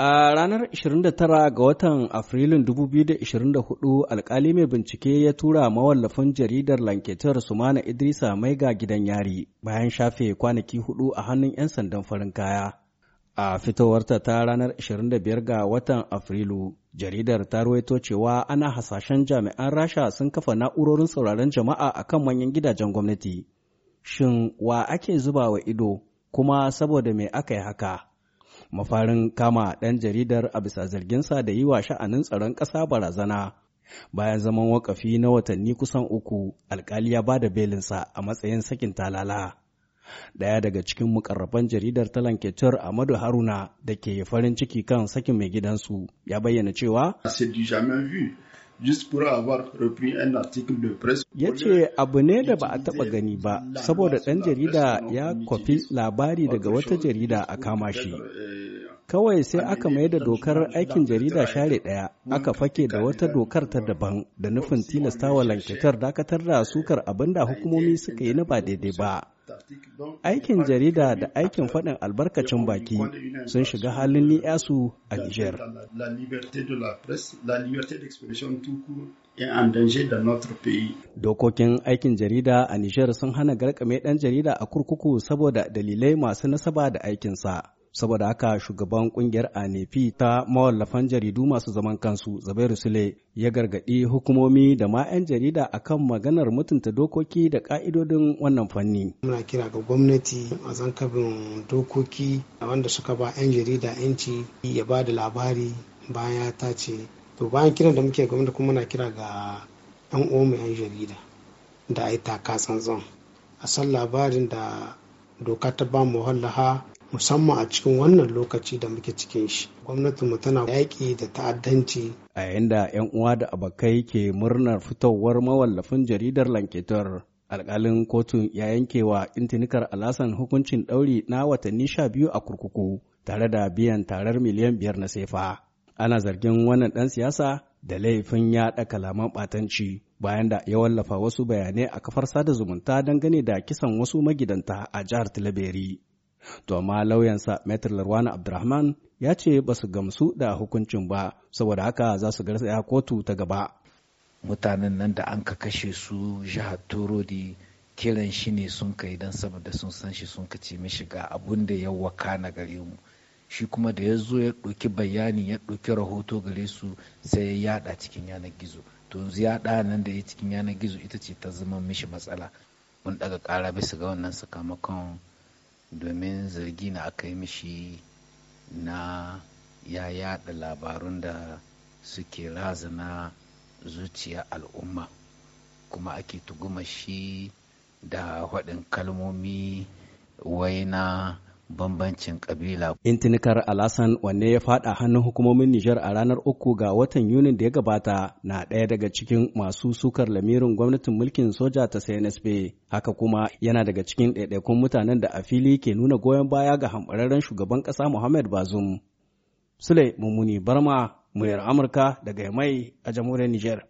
A ranar 29 ga watan Afrilun 2024 alkali mai bincike ya tura mawallafin jaridar lanketar Sumana Idrisa mai ga gidan yari bayan shafe kwanaki hudu a hannun 'yan sandan farin kaya. A fitowarta ta ranar 25 ga watan Afrilu, jaridar ta ruwaito cewa ana hasashen jami'an Rasha sun kafa na'urorin sauraron jama'a a kan manyan gidajen gwamnati. Shin wa ake zuba wa ido kuma saboda me aka yi haka? mafarin kama ɗan jaridar a bisa sa da yi wa sha'anin tsaron ƙasa barazana. Bayan zaman wakafi na watanni kusan uku, alkali ya ba da belinsa a matsayin sakin talala. Daya daga cikin mukarraban jaridar talan ketur Amadu Haruna da ke farin ciki kan sakin mai gidansu ya bayyana cewa. Ya ce abu ne da ba a taɓa gani ba, saboda ɗan jarida ya kwafi labari daga wata jarida a kama shi. Euh, Kawai sai aka mai da dokar aikin jarida share ɗaya, aka fake da wata dokar ta daban da nufin tilastawa lankitar dakatar da sukar abinda hukumomi suka yi na ba daidai ba. Aikin jarida da aikin faɗin albarkacin baki sun shiga halin ni'yasu a Nijar. Dokokin aikin jarida a Nijar sun hana garkame ɗan jarida a kurkuku saboda dalilai masu nasaba da aikinsa. saboda haka shugaban kungiyar anefi ta mawallafan jaridu masu zaman kansu zabairu sule ya gargaɗi hukumomi da ma 'yan jarida akan maganar mutunta dokoki da ƙa'idodin wannan fanni muna kira ga gwamnati a zankabin dokoki wanda suka ba 'yan jarida 'yanci ya ba da labari baya ta ce to bayan kiran da muke gwamnati kuma muna kira ga 'yan uwa 'yan jarida da a yi taka tsantsan a san labarin da doka ta ba mu wallaha musamman a cikin wannan lokaci da muke cikin shi gwamnatinmu tana yaƙi da ta'addanci a yayin da 'yan uwa da abokai ke murnar fitowar mawallafin jaridar lanketar alkalin kotun ya yankewa, wa intinikar alasan hukuncin ɗauri na watanni sha biyu a kurkuku tare da biyan tarar miliyan biyar na sefa ana zargin wannan ɗan siyasa da laifin yaɗa kalaman ɓatanci bayan da ya wallafa wasu bayanai a kafar sada zumunta dangane da kisan wasu magidanta a jihar Tilaberi. To amma lauyansa Maitre Larwana Abdurrahman ya ce ba su gamsu da hukuncin ba saboda haka za su garzaya kotu ta gaba. Mutanen nan da an ka kashe su jihar Torodi kiran shi ne sun kai don saboda sun san shi sun kace mishi ga abun da ya waka na gare mu. Shi kuma da ya zo ya ɗauki bayani ya ɗauki rahoto gare su sai ya yada cikin yanar gizo. To yanzu yada nan da ya cikin yanar gizo ita ce ta zama mishi matsala. Mun ɗaga ƙara bisa ga wannan sakamakon domin zargi na aka yi mishi na ya yada labarun da suke razana zuciya al'umma kuma ake tuguma shi da waɗin kalmomi waina. bambancin kabila. Intinikar Alasan wanne ya fada hannun hukumomin Nijar a ranar uku ga watan Yunin da ya gabata na ɗaya daga cikin masu sukar lamirin gwamnatin mulkin soja ta CNSP. Haka kuma yana daga cikin ɗaiɗaikun mutanen da a fili ke nuna goyon baya ga hamɓararren shugaban ƙasa Muhammad Bazum. Sule Mummuni Barma, muryar Amurka daga mai a jamhuriyar Nijar.